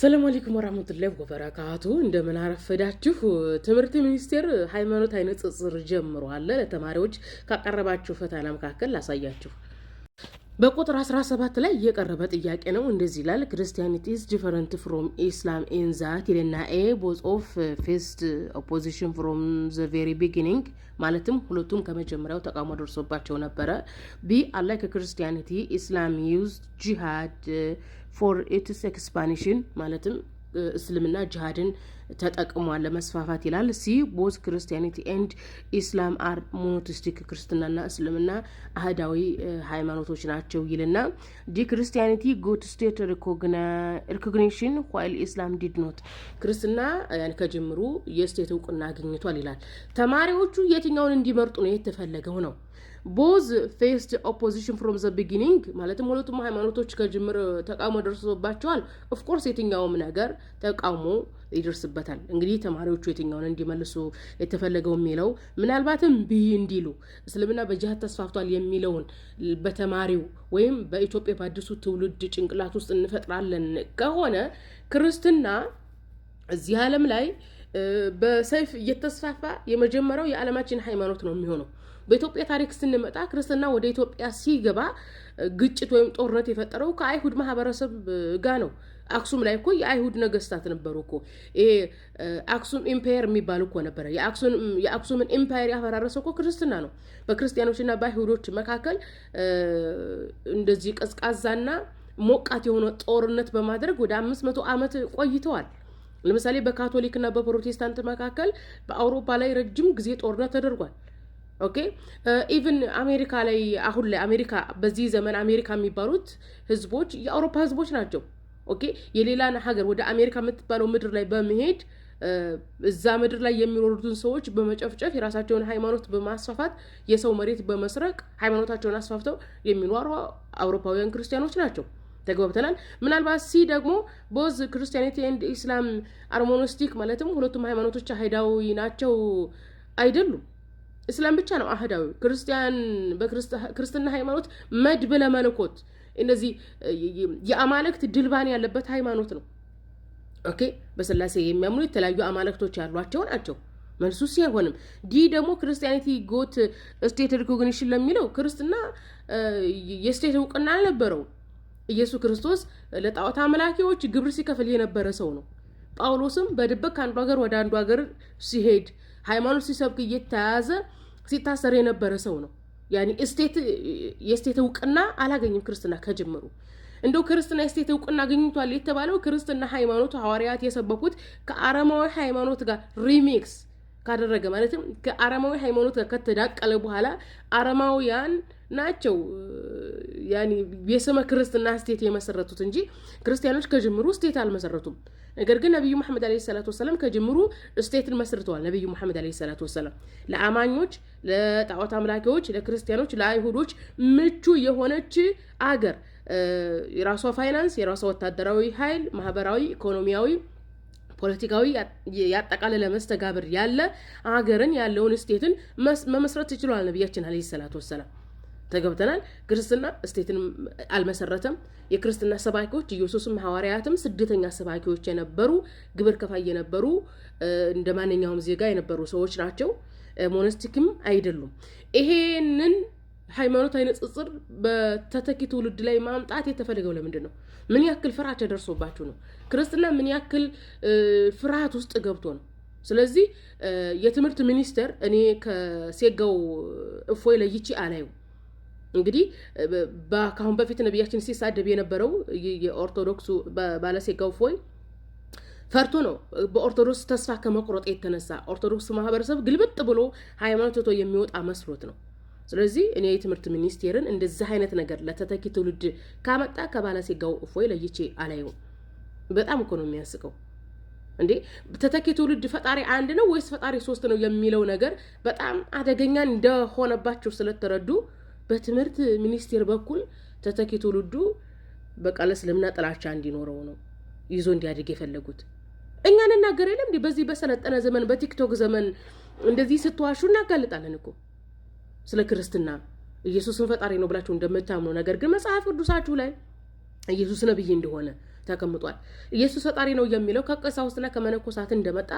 ሰላም አለይኩም ወራህመቱላሂ ወበረካቱ። እንደምን አረፈዳችሁ። ትምህርት ሚኒስቴር ሃይማኖታዊ ጀምሮ ጀምሯል። ለተማሪዎች ካቀረባችሁ ፈተና መካከል ላሳያችሁ በቁጥር 17 ላይ የቀረበ ጥያቄ ነው። እንደዚህ ይላል ክርስቲያኒቲ ኢዝ ዲፈረንት ፍሮም ኢስላም ኢን ዛት ይልና ኤ ቦዝ ኦፍ ፌስድ ኦፖዚሽን ፍሮም ዘ ቬሪ ቢጊኒንግ ማለትም ሁለቱም ከመጀመሪያው ተቃውሞ ደርሶባቸው ነበረ። ቢ አላይ ከክርስቲያኒቲ ኢስላም ዩዝ ጂሃድ ፎር ኢትስ ኤክስፓንሽን ማለትም እስልምና ጅሃድን ተጠቅሟል ለመስፋፋት ይላል። ሲ ቦዝ ክርስቲያኒቲ ኤንድ ኢስላም አር ሞኖቲስቲክ ክርስትናና እስልምና አህዳዊ ሃይማኖቶች ናቸው ይልና ዲ ክርስቲያኒቲ ጎት ስቴት ሪኮግኒሽን ዋይል ኢስላም ዲድ ኖት ክርስትና ከጀምሩ የስቴት እውቅና አግኝቷል ይላል። ተማሪዎቹ የትኛውን እንዲመርጡ ነው የተፈለገው ነው? ቦዝ ፌስድ ኦፖዚሽን ፍሮም ዘ ቢጊኒንግ ማለትም ሁለቱም ሃይማኖቶች ከጅምር ተቃውሞ ደርሶባቸዋል። ኦፍኮርስ የትኛውም ነገር ተቃውሞ ይደርስበታል። እንግዲህ ተማሪዎቹ የትኛውን እንዲመልሱ የተፈለገው የሚለው ምናልባትም ቢ እንዲሉ እስልምና በጅሃድ ተስፋፍቷል የሚለውን በተማሪው ወይም በኢትዮጵያ በአዲሱ ትውልድ ጭንቅላት ውስጥ እንፈጥራለን ከሆነ ክርስትና እዚህ ዓለም ላይ በሰይፍ እየተስፋፋ የመጀመሪያው የዓለማችን ሃይማኖት ነው የሚሆነው። በኢትዮጵያ ታሪክ ስንመጣ ክርስትና ወደ ኢትዮጵያ ሲገባ ግጭት ወይም ጦርነት የፈጠረው ከአይሁድ ማህበረሰብ ጋር ነው። አክሱም ላይ እኮ የአይሁድ ነገስታት ነበሩ እኮ። ይሄ አክሱም ኢምፓየር የሚባል እኮ ነበረ። የአክሱምን ኢምፓየር ያፈራረሰ እኮ ክርስትና ነው። በክርስቲያኖችና በአይሁዶች መካከል እንደዚህ ቀዝቃዛና ሞቃት የሆነ ጦርነት በማድረግ ወደ አምስት መቶ ዓመት ቆይተዋል። ለምሳሌ በካቶሊክና በፕሮቴስታንት መካከል በአውሮፓ ላይ ረጅም ጊዜ ጦርነት ተደርጓል። ኦኬ ኢቭን አሜሪካ ላይ አሁን ላይ አሜሪካ በዚህ ዘመን አሜሪካ የሚባሉት ህዝቦች የአውሮፓ ህዝቦች ናቸው። ኦኬ የሌላን ሀገር ወደ አሜሪካ የምትባለው ምድር ላይ በመሄድ እዛ ምድር ላይ የሚኖሩትን ሰዎች በመጨፍጨፍ የራሳቸውን ሃይማኖት በማስፋፋት የሰው መሬት በመስረቅ ሃይማኖታቸውን አስፋፍተው የሚኖሩ አውሮፓውያን ክርስቲያኖች ናቸው። ተግባብተናል። ምናልባት ሲ ደግሞ ቦዝ ክርስቲያኒቲ ኤንድ ኢስላም አርሞኖስቲክ ማለትም ሁለቱም ሃይማኖቶች አይሁዳዊ ናቸው አይደሉም። እስላም ብቻ ነው አህዳዊ ክርስቲያን በክርስትና ሃይማኖት መድብለ መለኮት እነዚህ የአማልክት ድልባን ያለበት ሃይማኖት ነው። ኦኬ በስላሴ የሚያምኑ የተለያዩ አማልክቶች ያሏቸው ናቸው። መልሱ ሲሆንም አይሆንም። ዲ ደግሞ ክርስቲያኒቲ ጎት ስቴት ሪኮግኒሽን ለሚለው ክርስትና የስቴት እውቅና አልነበረው። ኢየሱስ ክርስቶስ ለጣዖት አምላኪዎች ግብር ሲከፍል የነበረ ሰው ነው። ጳውሎስም በድብቅ ከአንዱ ሀገር ወደ አንዱ ሀገር ሲሄድ ሃይማኖት ሲሰብክ እየተያዘ ሲታሰር የነበረ ሰው ነው። ያኔ እስቴት የስቴት እውቅና አላገኝም። ክርስትና ከጀመሩ እንደው ክርስትና የስቴት እውቅና አገኝቷል የተባለው ክርስትና ሃይማኖቱ ሐዋርያት የሰበኩት ከአረማዊ ሃይማኖት ጋር ሪሚክስ ካደረገ ማለትም ከአረማዊ ሃይማኖት ጋር ከተዳቀለ በኋላ አረማውያን ናቸው የስመ ክርስትና ስቴት የመሰረቱት እንጂ ክርስቲያኖች ከጅምሩ ስቴት አልመሰረቱም። ነገር ግን ነቢዩ መሐመድ ዓለይሂ ሰላቱ ወሰላም ከጅምሩ ስቴትን መስርተዋል። ነቢዩ መሐመድ ዓለይሂ ሰላት ወሰላም ለአማኞች፣ ለጣዖት አምላኪዎች፣ ለክርስቲያኖች፣ ለአይሁዶች ምቹ የሆነች አገር የራሷ ፋይናንስ፣ የራሷ ወታደራዊ ኃይል፣ ማህበራዊ፣ ኢኮኖሚያዊ ፖለቲካዊ ያጠቃለለ መስተጋብር ያለ አገርን ያለውን ስቴትን መመስረት ይችሏል ነቢያችን አለ ሰላት ወሰላም። ተገብተናል። ክርስትና እስቴትንም አልመሰረተም። የክርስትና ሰባኪዎች ኢየሱስም ሐዋርያትም ስደተኛ ሰባኪዎች የነበሩ ግብር ከፋይ የነበሩ እንደ ማንኛውም ዜጋ የነበሩ ሰዎች ናቸው። ሞነስቲክም አይደሉም። ይሄንን ሃይማኖታዊ ንጽጽር በተተኪ ትውልድ ላይ ማምጣት የተፈለገው ለምንድን ነው? ምን ያክል ፍርሃት ተደርሶባችሁ ነው? ክርስትና ምን ያክል ፍርሃት ውስጥ ገብቶ ነው? ስለዚህ የትምህርት ሚኒስቴር እኔ ከሴጋው እፎይ ለይቼ አላየው እንግዲህ ከአሁን በፊት ነቢያችን ሲሳደብ የነበረው የኦርቶዶክሱ ባለሴጋው ፎይ ፈርቶ ነው። በኦርቶዶክስ ተስፋ ከመቁረጥ የተነሳ ኦርቶዶክስ ማህበረሰብ ግልብጥ ብሎ ሃይማኖት ትቶ የሚወጣ መስሎት ነው። ስለዚህ እኔ የትምህርት ሚኒስቴርን እንደዚህ አይነት ነገር ለተተኪ ትውልድ ካመጣ ከባለሴጋው እፎይ ለይቼ አላየውም። በጣም እኮ ነው የሚያስቀው። እንዴ ተተኪ ትውልድ ፈጣሪ አንድ ነው ወይስ ፈጣሪ ሶስት ነው የሚለው ነገር በጣም አደገኛ እንደሆነባቸው ስለተረዱ በትምህርት ሚኒስቴር በኩል ተተኪ ትውልዱ በቃ ለእስልምና ጥላቻ እንዲኖረው ነው ይዞ እንዲያድግ የፈለጉት። እኛ እንናገር የለም እንዲህ በዚህ በሰለጠነ ዘመን በቲክቶክ ዘመን እንደዚህ ስትዋሹ እናጋልጣለን እኮ ስለ ክርስትና ኢየሱስን ፈጣሪ ነው ብላችሁ እንደምታምኑ ነገር ግን መጽሐፍ ቅዱሳችሁ ላይ ኢየሱስ ነብይ እንደሆነ ተቀምጧል። ኢየሱስ ፈጣሪ ነው የሚለው ከቀሳውስትና ከመነኮሳት እንደመጣ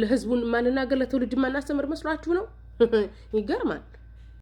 ለህዝቡን ማንናገር ለትውልድ ማናስተምር መስሏችሁ ነው? ይገርማል።